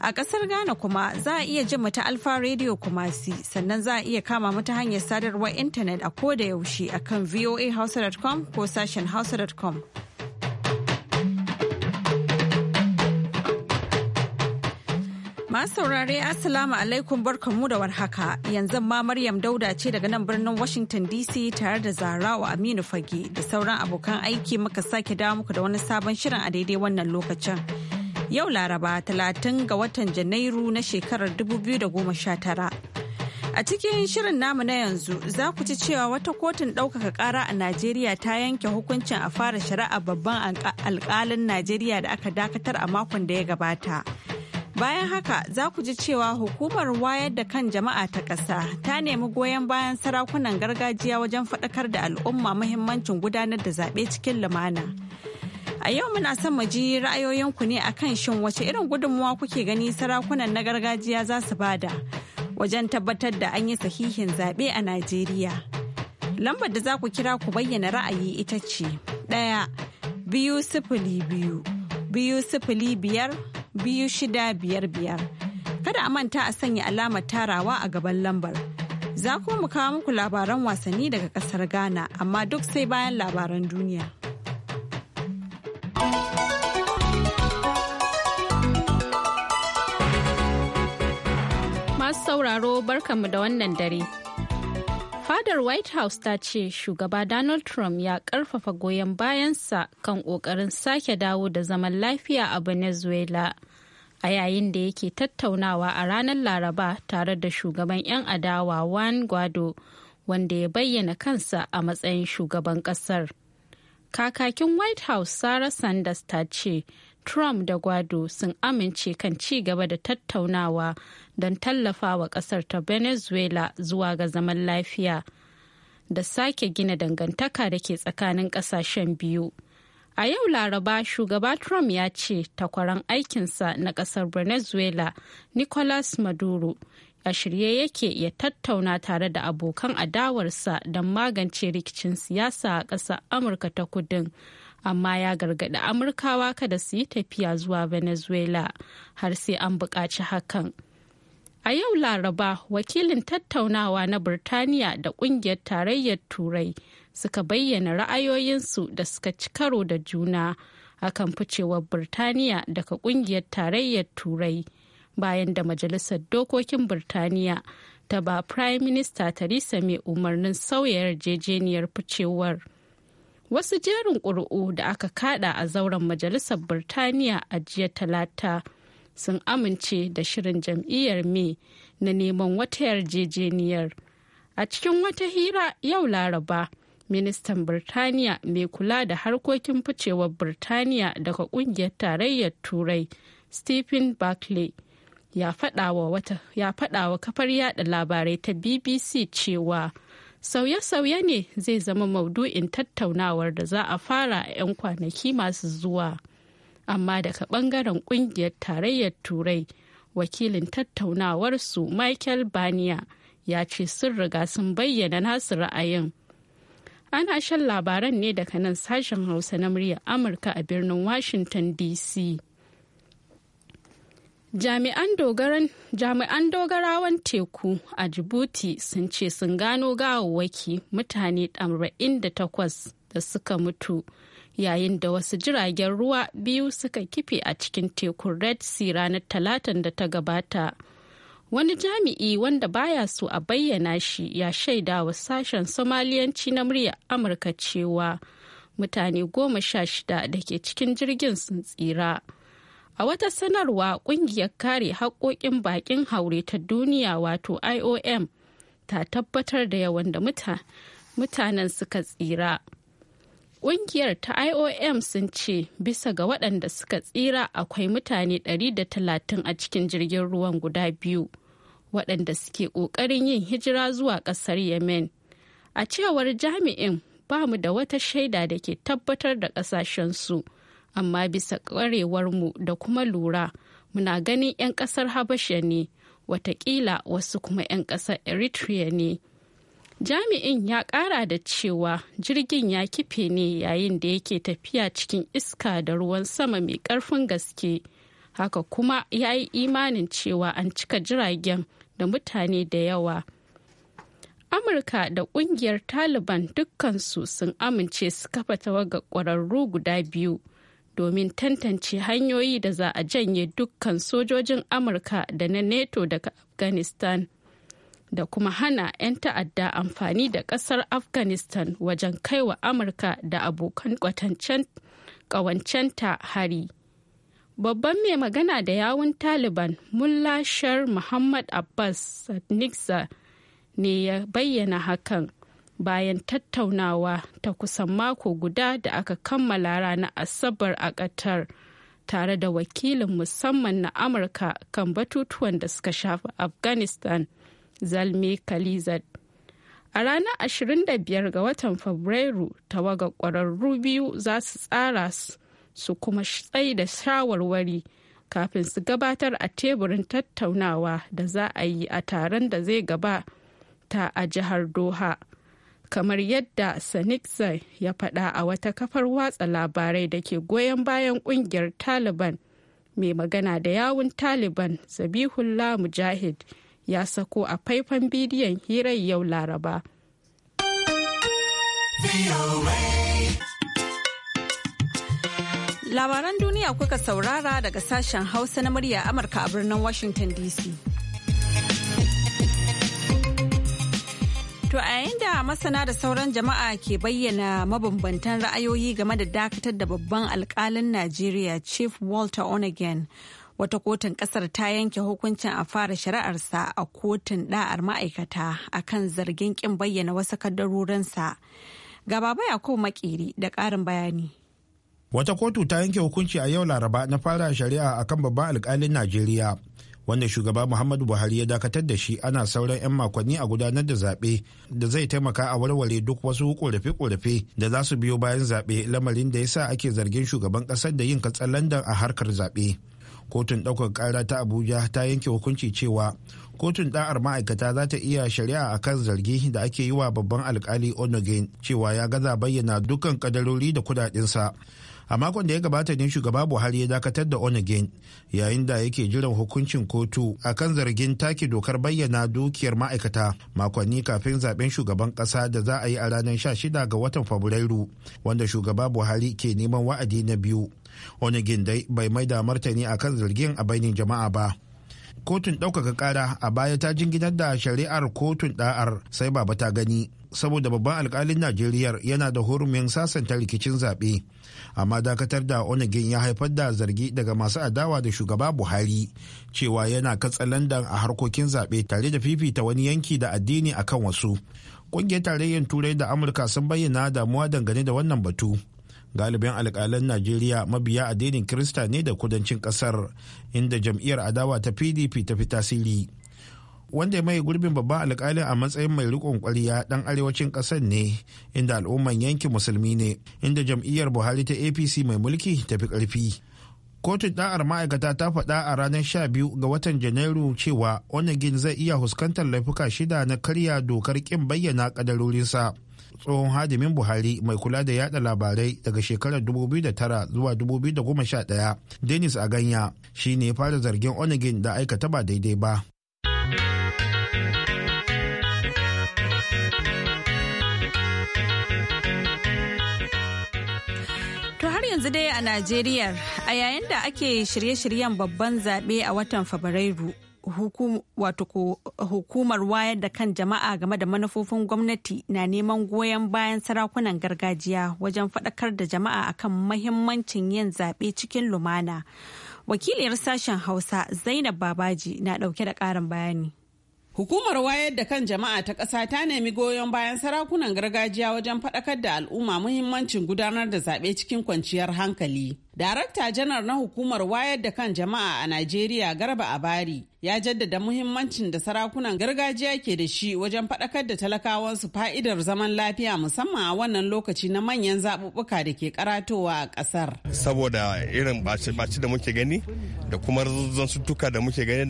A ƙasar Ghana kuma za a iya jin ta Alfa Radio Kumasi sannan za a iya kama mata hanyar sadarwar intanet a koda yaushe a kan voahouse.com ko sashen hausa.com. Masu saurare Assalamu alaikum barkanmu da warhaka yanzu ma Maryam Dauda ce daga nan birnin Washington DC tare da Zarawa Aminu Fage da sauran abokan aiki muka sake dawo muku da wani sabon shirin a daidai wannan lokacin. yau laraba 30 ga watan janairu na shekarar 2019 a cikin shirin namu na yanzu za ku ci cewa wata kotun ɗaukaka ƙara a najeriya ta yanke hukuncin a fara shari'a babban alƙalin najeriya da aka dakatar a makon da ya gabata bayan haka za ku ji cewa hukumar wayar da kan jama'a ta ƙasa ta nemi goyon bayan sarakunan gargajiya wajen faɗakar da al'umma muhimmancin gudanar da zaɓe cikin lumana. A yau muna son mu ji ra'ayoyinku ne akan shin wace irin gudunmuwa kuke gani sarakunan na gargajiya za su bada wajen tabbatar da an yi sahihin zaɓe a Najeriya. Lambar da za ku kira ku bayyana ra'ayi ita ce ɗaya biyu sifili biyu biyu sifili biyar biyu shida biyar biyar. Kada a manta a sanya alamar tarawa a gaban lambar. Za kuma mu kawo muku labaran wasanni daga ƙasar Ghana amma duk sai bayan labaran duniya. Masu sauraro barkanmu da wannan dare. Fadar White House ta ce shugaba Donald Trump ya karfafa goyon bayansa kan kokarin sake dawo da zaman lafiya a Venezuela. a yayin da yake tattaunawa a ranar laraba tare da shugaban 'yan adawa juan guaido wanda ya bayyana kansa a matsayin shugaban kasar Kakakin White House Sarah Sanders ta ce, Trump da Guado sun amince kan ci gaba da tattaunawa don tallafa wa kasar ta Venezuela zuwa ga zaman lafiya da sake gina dangantaka da ke tsakanin kasashen biyu. A yau Laraba shugaba Trump ya ce takwaran aikinsa na kasar Venezuela Nicolas Maduro a shirye yake ya tattauna tare da abokan adawarsa don magance rikicin siyasa a ƙasa amurka ta kudin amma ya gargaɗi amurkawa kada su yi tafiya zuwa venezuela har sai an buƙaci hakan a yau laraba wakilin tattaunawa na burtaniya da ƙungiyar tarayyar turai suka bayyana ra'ayoyinsu da suka ci karo da juna akan ficewar birtaniya daga ƙungiyar tarayyar turai bayan da majalisar dokokin birtaniya ta ba prime minister theresa mai umarnin sauya yarjejeniyar ficewar wasu jerin ƙuri'u da aka kada a zauren majalisar birtaniya a jiya talata sun amince da shirin jam'iyyar me na neman wata yarjejeniyar a cikin wata hira yau laraba ministan birtaniya mai kula da harkokin ficewar birtaniya daga kungiyar tarayyar turai stephen barclay ya faɗa wa kafar yada labarai ta bbc cewa sauye-sauye ne zai zama maudu'in tattaunawar da za a fara a 'yan kwanaki masu zuwa amma daga ɓangaren ƙungiyar tarayyar turai wakilin tattaunawarsu michael baniya ya ce sun riga sun bayyana nasu ra'ayin ana shan labaran ne daga nan sashen hausa na muryar amurka a birnin washington dc Jami'an dogarawan teku a Djibouti sun ce sun gano gawawwaki mutane 48 da takwas da suka mutu yayin da wasu jiragen ruwa biyu suka kife a cikin tekun Red Sea ranar Talatan da ta gabata. Wani jami'i wanda baya so a bayyana shi ya shaida wa sashen Somaliyanci na muryar Amurka cewa mutane goma sha shida da ke cikin jirgin sun tsira. A wata sanarwa kungiyar kare haƙoƙin baƙin haure ta duniya wato IOM ta tabbatar da yawan da mutanen suka tsira. Kungiyar ta IOM sun ce bisa ga waɗanda suka tsira akwai mutane 130 a cikin jirgin ruwan guda biyu waɗanda suke ƙoƙarin yin hijira zuwa ƙasar Yemen. A cewar jami'in ba mu da wata shaida da ke tabbatar da ƙasashensu. amma bisa mu da kuma lura muna ganin 'yan ƙasar habasha ne watakila wasu kuma 'yan ƙasar eritrea ne jami'in ya ƙara da cewa jirgin ya kife ne yayin da yake tafiya cikin iska da ruwan sama mai ƙarfin gaske haka kuma ya yi imanin cewa an cika jiragen da mutane da yawa amurka da ƙungiyar taliban dukkansu sun amince su kafa tawagar ƙwararru guda biyu domin tantance hanyoyi da za a janye dukkan sojojin amurka da na neto daga afghanistan da kuma hana 'yan ta'adda amfani da kasar afghanistan wajen kaiwa amurka da abokan kwatancenta hari babban mai magana da yawun taliban mullah shar muhammad abbas niksa ne ya bayyana hakan bayan tattaunawa ta kusan mako guda da aka kammala ranar asabar a ƙatar tare da wakilin musamman na amurka kan batutuwan da suka shafi afghanistan zalmi khalizad a ranar 25 ga watan fabrairu tawaga kwararru biyu za su tsara su kuma tsaye da shawarwari kafin su gabatar a teburin tattaunawa da za a yi a taron da zai gaba ta a jihar doha kamar yadda Sanixer ya faɗa a wata kafar watsa labarai da ke goyon bayan ƙungiyar Taliban. Mai magana da yawun Taliban, Zabihullah Mujahid, ya sako a faifan bidiyon hirar yau Laraba. Labaran duniya kuka saurara daga sashen Hausa na murya Amurka a birnin Washington DC. To a yayin da masana da sauran jama'a ke bayyana mabambantan ra'ayoyi game da dakatar da babban alkalin Najeriya Chief Walter Onegan, wata kotun kasar ta yanke hukuncin a fara shari'arsa a kotun da'ar ma'aikata a kan zargin kin bayyana wasu kaddarorinsa. ga baya ko makiri da ƙarin bayani. Wata kotu ta yanke hukunci a yau Laraba na fara shari'a akan babban alkalin Najeriya wanda shugaba muhammadu buhari ya dakatar da shi ana sauran 'yan makonni a gudanar da zaɓe da zai taimaka a warware duk wasu ƙorafe korafe da za su biyo bayan zaɓe lamarin da ya sa ake zargin shugaban ƙasar da yin katsalandan a harkar zaɓe kotun ɗaukar ƙara ta abuja ta yanke hukunci cewa kotun ɗa'ar ma'aikata za ta iya shari'a a kan zargi da ake yi wa babban alkali onogen cewa ya gaza bayyana dukkan kadarori da kudadinsa. a makon da ya gabata ne shugaba buhari ya dakatar da onegin yayin da yake jiran hukuncin kotu a kan zargin take dokar bayyana dukiyar ma'aikata makonni kafin zaben shugaban kasa da za a yi a ranar 16 ga watan fabrairu wanda shugaba buhari ke neman wa'adi na biyu onegin dai bai mai da martani a kan zargin a bainin jama'a ba kotun ɗaukaka ƙara a baya ta jinginar da shari'ar kotun ɗa'ar sai baba ta gani saboda babban alkalin najeriya yana da hurumin sasanta rikicin zaɓe amma dakatar da onegin ya haifar da zargi daga masu adawa da shugaba buhari cewa yana katsalandan a harkokin zaɓe tare da fifita wani yanki da addini a kan wasu ƙungiyar tarayyar turai da amurka sun bayyana damuwa dangane da wannan batu galibin alkalan najeriya mabiya addinin kirista ne da kudancin ƙasar inda jam'iyyar adawa ta pdp ta fi tasiri wanda ya mai gurbin babban alkali a matsayin mai rikon kwariya dan arewacin kasar ne inda al'umman yankin musulmi ne inda jam'iyyar buhari ta apc mai mulki ta fi karfi kotun da'ar ma'aikata ta faɗa a ranar 12 ga watan janairu cewa onegin zai iya huskantar laifuka shida na karya dokar kin bayyana kadarorinsa tsohon hadimin buhari mai kula da yada labarai daga shekarar 2009 zuwa 2011 denis aganya shi ne fara zargin onegin da aikata ba daidai ba yanzu dai a Najeriya a yayin da ake shirye-shiryen babban zaɓe a watan Fabrairu. Hukumar wayar da kan jama'a game da manufofin gwamnati na neman goyon bayan sarakunan gargajiya wajen faɗakar da jama'a akan mahimmancin yin zaɓe cikin lumana. Wakiliyar sashen Hausa Zainab Babaji na ɗauke da ƙarin bayani. Hukumar wayar da kan jama'a ta ƙasa ta nemi goyon bayan sarakunan gargajiya wajen faɗakar da al'umma muhimmancin gudanar da zaɓe cikin kwanciyar hankali. Darakta janar na hukumar wayar da kan jama'a a Najeriya Garba Abari ya jaddada muhimmancin da sarakunan gargajiya ke da shi wajen faɗakar da talakawansu fa'idar zaman lafiya musamman a wannan lokaci na manyan zaɓuɓɓuka da ke karatowa a ƙasar. Saboda irin ɓaci da muke gani da kuma zantuttuka da muke gani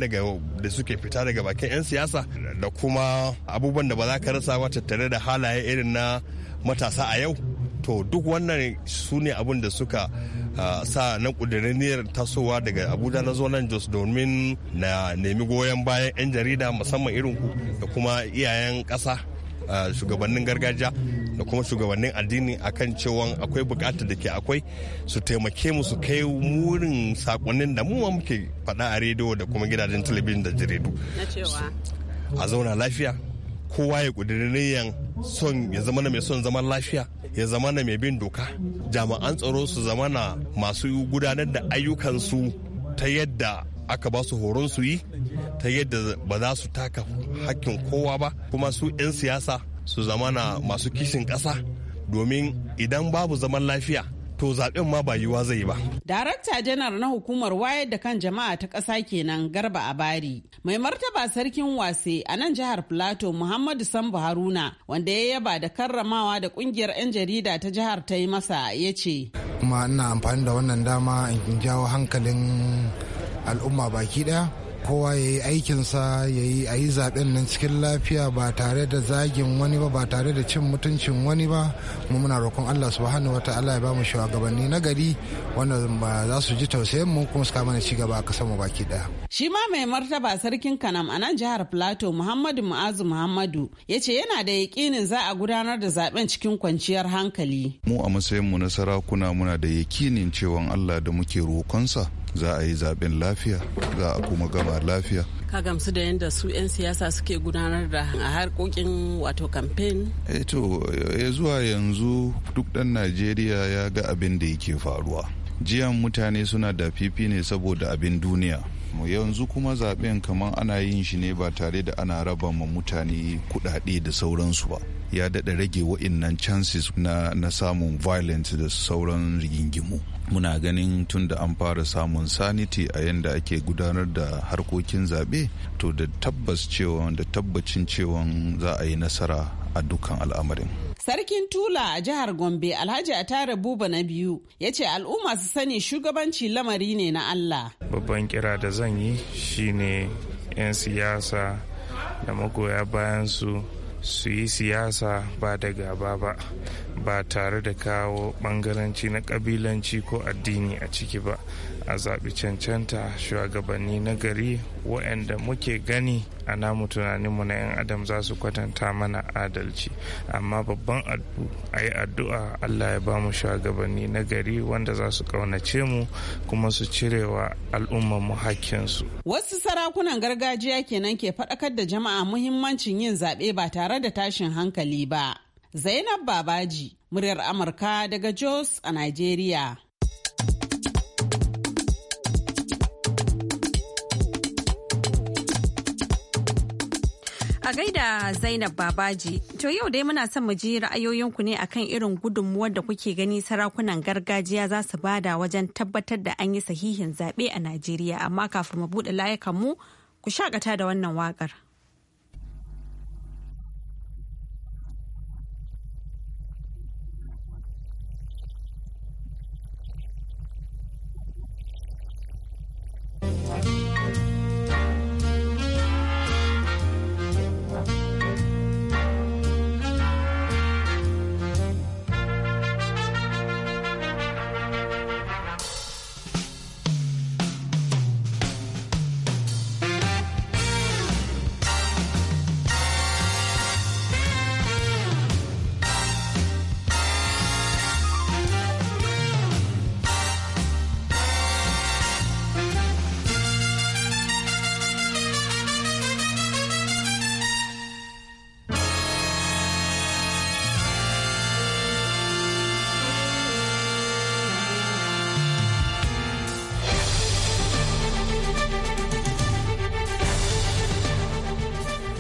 da suke fita daga bakin 'yan siyasa da kuma abubuwan da ba za ka rasa ba tattare da halaye irin na matasa a yau. to duk wannan su ne abin da suka ah, sa na ƙudurinniyar tasowa daga abuja na zonan jos domin na nemi goyon bayan 'yan jarida musamman irin ku da kuma iyayen ƙasa ah, shugabannin gargajiya da kuma shugabannin addini akan cewa akwai bukatar da ke akwai su taimake mu su kai murin sakonnin da mu muke faɗa a rediyo da kuma gidajen talabijin da jaridu a zauna lafiya kowa ya ƙudurinniyar son ya zama na mai son zaman lafiya ya zama na mai bin doka jami'an tsaro su zama na masu gudanar da ayyukansu ta yadda aka ba su horon su yi ta yadda ba za su taka hakkin kowa ba kuma su 'yan siyasa su zama na masu kishin ƙasa domin idan babu zaman lafiya to zaben ma ba yiwa zai ba. Darakta janar na hukumar wayar da kan jama'a ta ƙasa kenan Garba a bari Mai martaba sarkin wase a nan jihar Plateau Muhammadu Sambu Haruna wanda ya yaba da karramawa da ƙungiyar 'yan jarida ta jihar ta yi masa ya ce. Kuma ina amfani da wannan dama in jawo hankalin al'umma baki ɗaya. kowa ya yi aikinsa ya yi a yi zaɓen nan cikin lafiya ba tare da zagin wani ba ba tare da cin mutuncin wani ba mu muna roƙon Allah hannu wata allah ya ba mu shugabanni na gari wanda ba za su ji tausayin mu kuma su kama ci gaba a kasa mu baki ɗaya. Shi ma mai martaba sarkin Kanam a nan jihar Plateau Muhammadu Mu'azu Muhammadu ya ce yana da yaƙinin za a gudanar da zaɓen cikin kwanciyar hankali. Mu a matsayin mu na sarakuna muna da yakinin cewa Allah da muke roƙonsa za a yi zaben lafiya za a kuma gama lafiya ka gamsu da yadda su 'yan siyasa suke gudanar da harkokin wato kamfen eh to eh, zuwa yanzu duk dan najeriya ya ga abin da yake faruwa jiyan mutane suna da fifi ne saboda abin duniya mu yanzu kuma zaben kamar ana yin shi ne ba tare da ana raba ma mutane kuɗaɗe da sauransu ba ya daɗa rage wa'innan chances na, na samun violence da sauran rigingimu muna ganin tun da an fara samun sanity a yadda ake gudanar da harkokin zaɓe to da tabbas cewa da tabbacin cewa za a yi nasara a dukkan al'amarin Sarkin Tula a jihar Gombe Alhaji Atare Buba na biyu ya ce al'umma su sani shugabanci lamari ne na Allah babban kira da zan yi shine 'yan siyasa da magoya su su yi siyasa ba da gaba ba ba tare da kawo bangaranci na kabilanci ko addini a ciki ba a zaɓi cancanta shugabanni na gari waɗanda muke gani a namu tunaninmu na 'yan adam za su kwatanta mana adalci amma babban a yi addu'a allah ya ba mu shugabanni na gari wanda za su ƙaunace mu kuma su cirewa al'ummarmu hakkinsu wasu sarakunan gargajiya kenan ke faɗakar da jama'a muhimmancin yin zaɓe ba tare da tashin hankali ba zainab babaji muryar amurka daga jos a nigeria A gaida Zainab Babaji, to yau dai muna son mu ji ra'ayoyinku ne akan irin gudunmuwar da kuke gani sarakunan gargajiya za su bada wajen tabbatar da an yi sahihin zaɓe a Najeriya, amma kafin mu buɗe layukan mu ku shakata da wannan waƙar.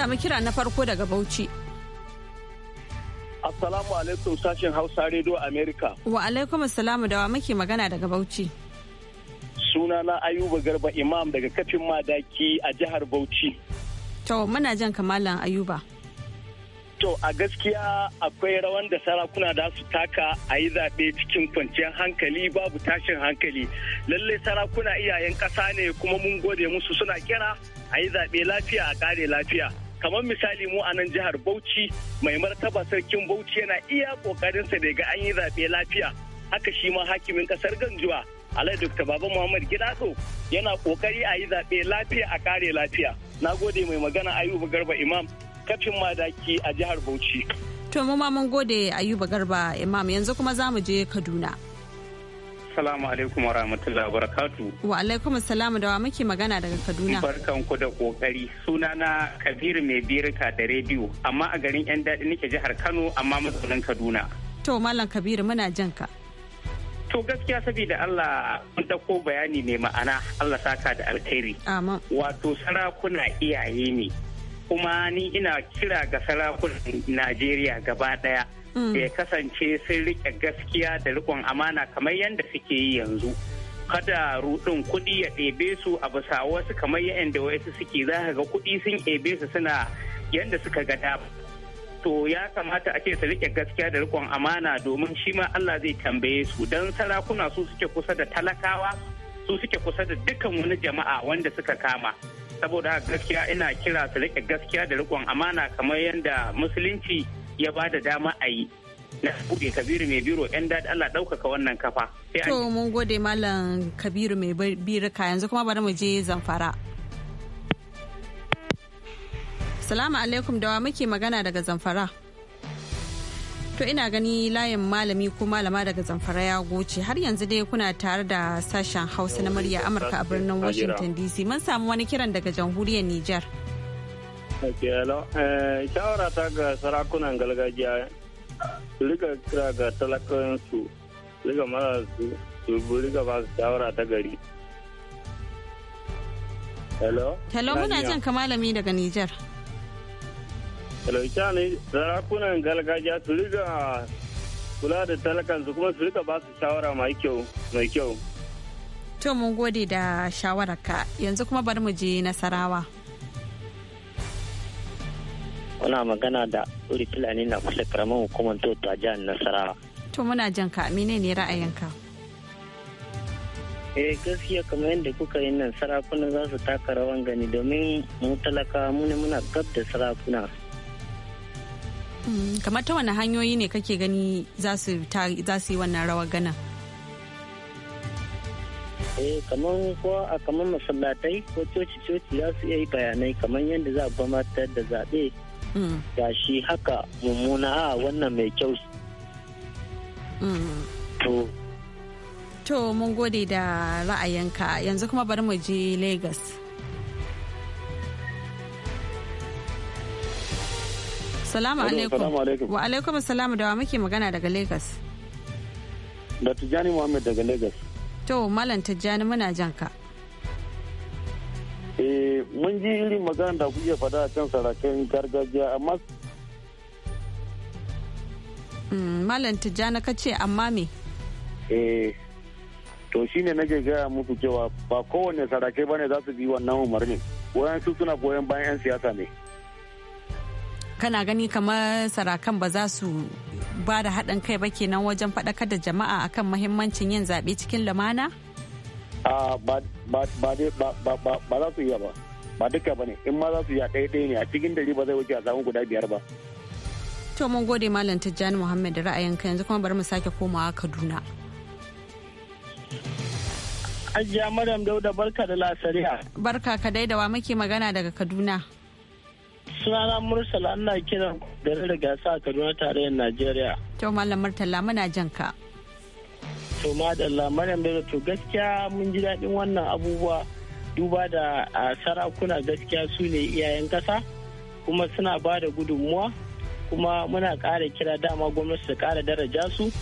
samu kira na farko daga Bauchi. Assalamu alaikum sashen Hausa Radio America. Wa alaikum assalamu da muke magana daga Bauchi. Suna na Ayuba Garba Imam daga kafin madaki a jihar Bauchi. To muna jan kamalan Ayuba. To a gaskiya akwai rawan da sarakuna da su taka a yi zaɓe cikin kwanciyar hankali babu tashin hankali. Lallai sarakuna iyayen ƙasa ne kuma mun gode musu suna kira a yi zaɓe lafiya a ƙare lafiya. kamar misali mu a nan jihar bauchi mai martaba sarkin bauchi yana iya ƙoƙarinsa da ga an yi zaɓe lafiya haka shi ma hakimin kasar ganjuwa alai dr baba muhammad gidaso yana kokari a yi zaɓe lafiya a kare lafiya na gode mai magana ayuba garba imam kafin madaki a jihar bauchi to mu ma mun gode ayuba garba imam yanzu kuma za mu je kaduna Assalamu alaikum wa rahmatullahi wa barakatu. Wa alaikum assalamu da wa muke magana daga Kaduna. Barkan ku da kokari. na Kabir mai birika da rediyo amma a garin yan daɗi nake jihar Kano amma mazaunin Kaduna. To Malam Kabir muna jan ka. To gaskiya saboda Allah mun dauko bayani mai ma'ana Allah saka da alkhairi. Amin. Wato sarakuna iyaye ne. Kuma ni ina kira ga sarakunan Najeriya gaba ɗaya. Mm. ya kasance sun rike gaskiya da rikon amana kamar yadda suke yi yanzu kada rudin kuɗi ya ɗebe su a bisa wasu kamar yadda wasu suke za ka ga kuɗi sun ɗebe su suna yadda suka ga dama to ya kamata a ce su rike gaskiya da rikon amana domin shi ma Allah zai tambaye su don sarakuna su suke kusa da talakawa su suke kusa da dukkan wani jama'a wanda suka kama saboda gaskiya ina kira su rike gaskiya da rikon amana kamar yadda musulunci ya ba da dama a yi na gode kabiru mai biro yan daɗi allah ɗaukaka wannan kafa to mun gode malam kabiru mai birka yanzu kuma bari mu je zamfara salamu alaikum dawa muke magana daga zamfara to ina gani layin malami ko malama daga zamfara ya goce har yanzu dai kuna tare da sashen hausa na murya amurka a birnin washington dc mun samu wani kiran daga jamhuriyar Nijar. Eh, shawara ta ga sarakunan gargajiya riga kira ga talakansu riga mara su su riga ba shawara ta gari hello hello muna jan kamalami daga nijar hello ita ne sarakunan gargajiya su riga kula da talakansu kuma su riga ba su shawara mai kyau mai kyau to mun gode da shawararka yanzu kuma bar mu je nasarawa Muna magana da Uri Fulani na kusa karamin hukumar Toto a jihar Nasarawa. To muna jan ka amine ne ra'ayinka. Eh gaskiya kamar yadda kuka yi nan sarakuna za su taka rawan gani domin mu talaka ne muna gab da sarakuna. Hmm, kamar ta wani hanyoyi ne kake gani za su yi wannan rawar gani. eh kamar ko a kamar masallatai ko coci-coci za su iya yi bayanai kamar yadda za a gwamnatar da zaɓe ga shi haka mummuna a wannan mai kyau to to mun gode da ra'ayinka yanzu kuma bari mu je lagos salamu alaikum wa alaikum salamu da wa muke magana daga lagos da tijjani muhammad daga lagos to malam tijjani muna jan ka Eh, mun ji irin magana da kuke faɗa kan sarakin gargajiya amma hmm, malam tijjani ka ce amma me eh to shine nake gaya muku cewa ba kowane sarakai bane za su bi wannan Wayan su suna goyon bayan 'yan siyasa ne kana gani kamar sarakan ba za su ba da haɗin kai ba kenan wajen faɗakar da jama'a akan muhimmancin yin zaɓe cikin lumana? Ah, ba ba za su yi ba ba duka ba ne in ma za su yi a ɗaya ɗaya ne a cikin dari ba zai wuce a samu guda biyar ba. to mun gode malam tijjani muhammad da ka yanzu kuma bari mu sake komawa kaduna. Ajiya Madam Dauda barka da lasariya. Barka ka dai da wa muke magana daga Kaduna. Sunana murtala ana kiran da gasa a Kaduna tarayyar Najeriya. to Malam Murtala muna jan ka. soma madalla maryam bello to gaskiya mun ji daɗin wannan abubuwa duba da sarakuna gaskiya su ne iyayen ƙasa kuma suna ba da gudunmuwa kuma muna ƙara kira dama gwamnati su kara daraja su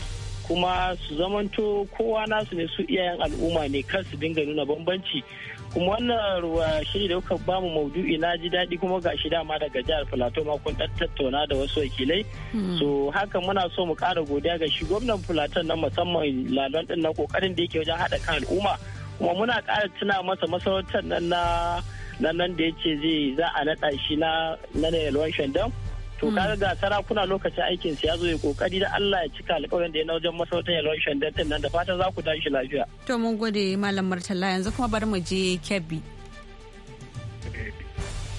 kuma su zamanto kowa nasu ne su iyayen al'umma ne kar su dinga nuna bambanci kuma wannan ruwa shi da kuka ba mu maudu'i na ji daɗi kuma ga shi dama daga jihar filato ma kun tattauna da wasu wakilai hmm. so haka muna so mu ƙara godiya ga shi gwamnan filaton na musamman lalon ɗin na ƙoƙarin da yake wajen haɗa kan al'umma kuma muna ƙara tuna masa masarautar nan na nan da ya ce zai za a naɗa shi na na yalwan shandam to hmm. kaga ga sarakuna lokacin aikin su ya zo ya kokari da Allah ya cika alƙawarin da ya wajen ya yalwar shandantin nan da fatan za ku tashi lafiya. To mun gode Malam Murtala yanzu kuma bari mu je Kebbi.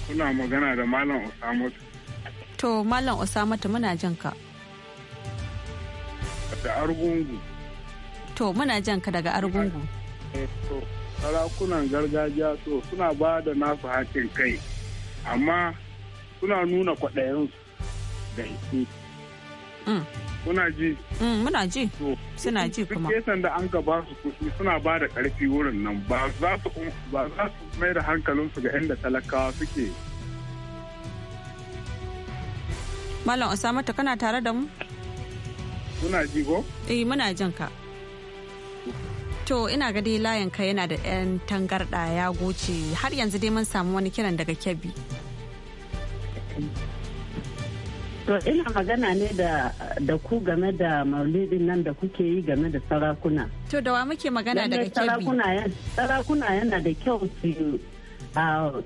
Kuna magana da Malam Usamatu. To Malam Usamatu muna jan ka. Da Argungu. To muna jan ka daga Argungu. Eh, to sarakunan gargajiya to suna ba da nasu hakin kai amma suna nuna kwaɗayensu gaishe. Mm. Mm, muna ji? Muna ji. Suna ji kuma. Duk kesan da an ga ba su kuɗi suna ba da ƙarfi wurin nan ba za su um, mai da hankalinsu ga inda talakawa suke. Malam Osamata kana tare da mu? Muna ji ko? Eh muna jin ka. To ina ga dai layin ka yana da ɗan tangarɗa ya goce har yanzu dai mun samu wani kiran daga Kebbi. To ina magana ne da ku game da maulidin nan da kuke yi game da sarakuna. To da wa muke magana daga kebbi? Sarakuna yana da kyau su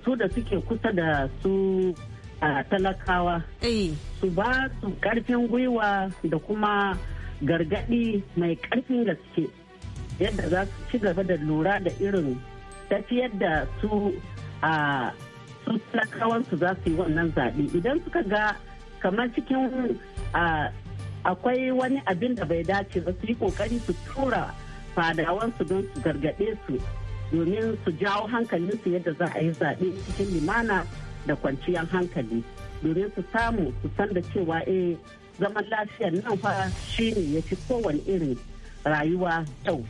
su da suke kusa da su talakawa. Eh. Su ba su karfin gwiwa da kuma gargadi mai karfin gaske yadda za su ci gaba da lura da irin tafiyar da su talakawansu za su yi wannan zaɓe idan suka ga kamar cikin akwai wani abin da bai dace ba su yi kokari su tura fadawansu don su gargaɗe su domin su jawo hankalinsu yadda za a yi zaɓe cikin limana da kwanciyar hankali domin su samu su san da cewa eh zaman lafiyar nan fa ne ya fi kowane irin rayuwa kyau.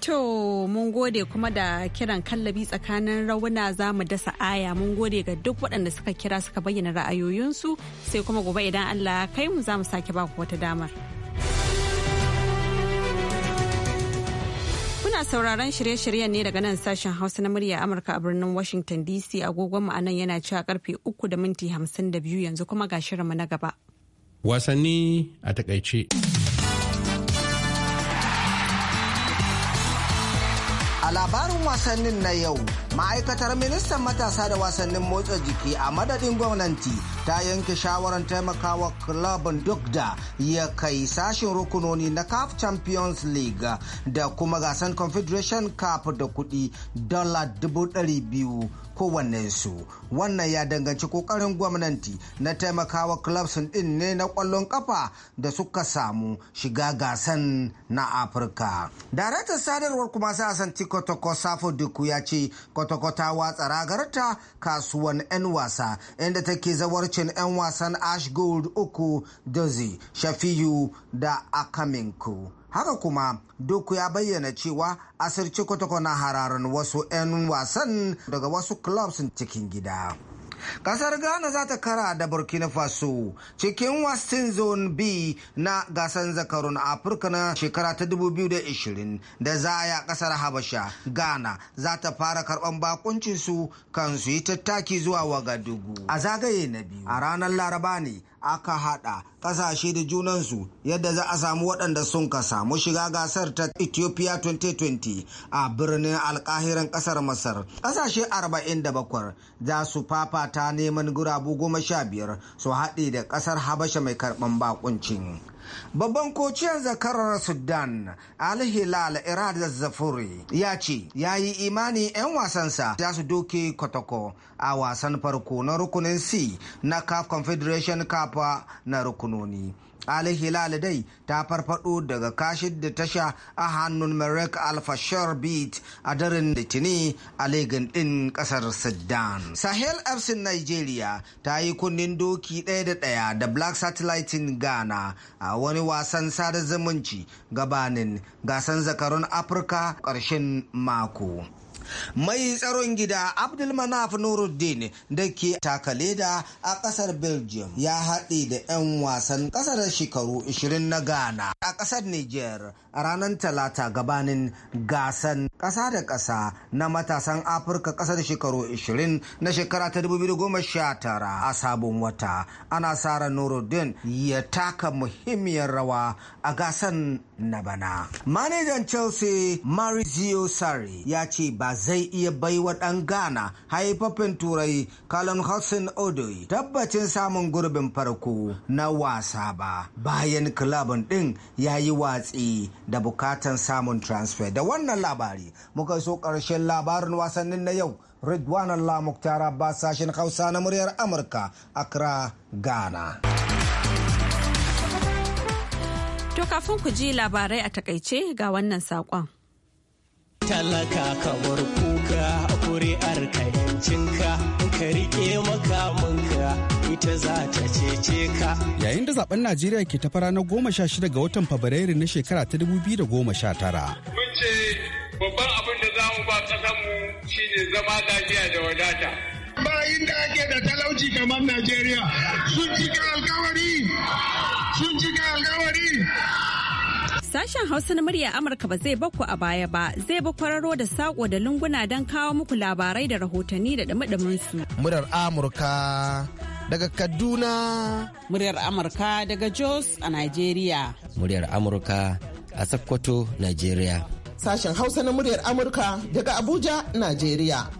To mun gode kuma da kiran kallabi tsakanin rawuna za mu dasa aya mun gode ga duk waɗanda suka kira suka bayyana ra'ayoyinsu sai kuma gobe idan Allah kai mu za mu sake baku wata damar. Kuna sauraron shirye-shiryen ne daga nan sashen Hausa na murya Amurka a birnin Washington DC agogon mu anan yana cewa karfe uku da minti hamsin da biyu yanzu kuma ga shirinmu na gaba. Wasanni a takaice. la labarin wasannin na yau ma'aikatar ministan matasa da wasannin motsa jiki a madadin gwamnati ta yanke shawarar taimakawa club duk da ya kai sashin rukunoni na caf champions league da kuma gasan confederation cup da kudi dala biyu su wannan ya danganci kokarin gwamnati na taimakawa clubs din ne na kwallon kafa da suka samu shiga gasan na afirka daraktar sadarwar kuma sa asanti Kotoko Safo Duku ya ce kwatakwata wa watsa ragarta kasuwan 'yan wasa inda take zawarcin 'yan wasan Ash Gold uku Dozi, Shafiyu da Akaminku. Haka kuma duku ya bayyana cewa asirci kwatakwana na hararin wasu 'yan wasan daga wasu clubs cikin gida. kasar ghana za ta kara da burkina faso cikin western zone b na gasar zakarun afirka na shekara ta 2020 da za a yi a kasar habasha ghana za ta fara karban bakuncinsu kan su yi tattaki zuwa wagadugu a zagaye na biyu a ranar laraba ne aka haɗa ƙasashe da junansu yadda za a samu waɗanda sun ka samu shiga gasar ta Ethiopia 2020 a birnin alƙahiran ƙasar Masar. Ƙasashe 47 za su fafata neman gurabu goma sha biyar su haɗe da ƙasar Habasha mai karɓan bakuncin. Babban kociyar zakarar Sudan Al-Hilal Irad Zafuri ya ce ya yi imani 'yan wasansa za su doke Kotoko a wasan farko na rukunin C na CAF Confederation Cup na rukunoni. Ali hilal dai ta farfado daga kashin da tasha a hannun Marek Al-Fashar Beat a daren Litini a Legas din ƙasar Sudan. Sahel FC Nigeria ta yi kunnen doki ɗaya da ɗaya da Black Satellite in Ghana a wani wasan sada zumunci gabanin gasan zakarun Afirka ƙarshen mako. mai tsaron gida abdulmanaf nuruddin da ke takale da a kasar belgium ya haɗe da 'yan wasan kasar shekaru 20 na ghana a kasar niger a ranar talata gabanin gasan ƙasa da ƙasa na matasan afirka ƙasar shekaru 20 na shekara ta 2019 a sabon wata ana sara nuruddin ya taka muhimmiyar rawa a gasan na bana manajan chelsea marizio sari ya ce ba zai iya baiwa ɗan ghana haifafin turai kalon hudson odoi tabbacin samun gurbin farko na wasa ba bayan kilabin ɗin ya yi watsi da bukatan samun transfer da wannan labari muka so ƙarshen labarin wasannin na yau ridwan allah muktara ba sashen hausa na muryar amurka a accra ghana to kafin ku ji labarai a takaice ga wannan saƙon talaka ka bar kuka kuri'ar ka yancinka ka riƙe makamanka ita za ta cece ka. Yayin da zaben Najeriya ke fara na goma sha shida ga watan Fabrairu na shekara ta dubu biyu da goma sha tara. Mun ce babban abin da za mu ba ƙasanmu ne zama lafiya da wadata. Bayin da ake da talauci kamar Najeriya sun cika alkawari sun cika alkawari. Sashen Hausa na murya Amurka ba zai bakku a baya ba, zai ba kwararo da sako da lunguna don kawo muku labarai da rahotanni da dumi su. Murar Amurka daga Kaduna. Muryar Amurka daga Jos a Najeriya. Muryar Amurka a Sokoto, Najeriya. Sashen Hausa na muryar Amurka daga Abuja, Najeriya.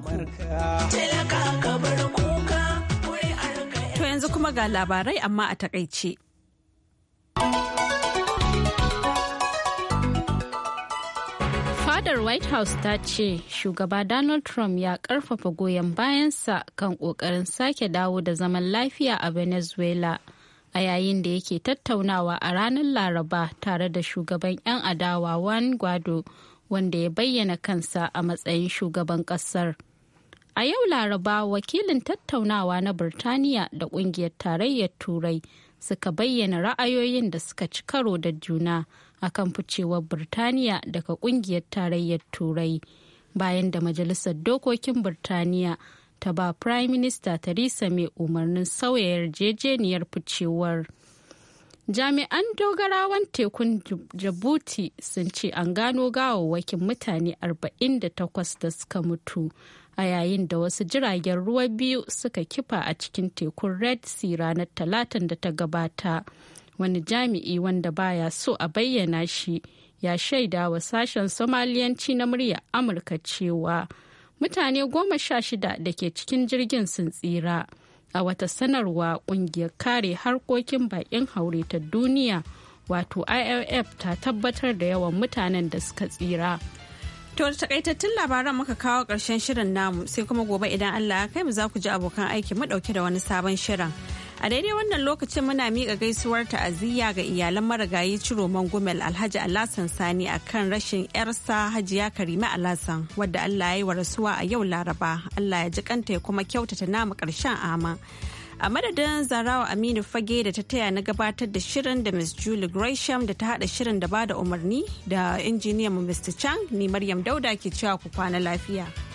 ku. To yanzu kuma ga labarai amma a takaice. fadar white house ta ce shugaba donald trump ya karfafa goyon bayansa kan kokarin sake dawo da zaman lafiya a venezuela a yayin da yake tattaunawa a ranar laraba tare da shugaban 'yan adawa juan guaido wanda ya bayyana kansa a matsayin shugaban kasar A yau Laraba wakilin tattaunawa na Birtaniya da kungiyar tarayyar Turai suka bayyana ra'ayoyin da suka ci karo da juna a kan ficewar Birtaniya daga kungiyar tarayyar Turai bayan da Majalisar Dokokin Birtaniya ta ba Prime Minister Theresa mai umarnin sauya yarjejeniyar ficewar. jami'an dogarawan tekun jabuti sun ce an gano gawawwakin mutane 48 da suka mutu a yayin da wasu jiragen ruwa biyu suka kifa a cikin tekun red sea ranar talatin da ta gabata wani jami'i wanda baya so a bayyana shi ya shaida wa sashen somaliyanci na murya amurka cewa mutane goma sha shida da ke cikin jirgin sun tsira a wata sanarwa kungiyar kare harkokin bakin haure ta duniya wato ilf ta tabbatar da yawan mutanen da suka tsira To da takaitattun labaran muka kawo ƙarshen shirin namu sai kuma gobe idan Allah ya kai mu za ku ji abokan aiki mu ɗauke da wani sabon shirin. A daidai wannan lokacin muna miƙa gaisuwar ta'aziyya ga iyalan marigayi Ciroman Gumel Alhaji Alhassan Sani akan rashin 'yarsa Hajiya Karima Alhassan wadda Allah ya yi wa rasuwa a yau Laraba. Allah ya ji kanta ya kuma kyautata namu ƙarshen ama. a madadin zarawa aminu fage da ta taya na gabatar da shirin da miss julie gresham da ta hada shirin da bada umarni da injiniyan mu mr chang ni maryam dauda ke cewa ku kwana lafiya.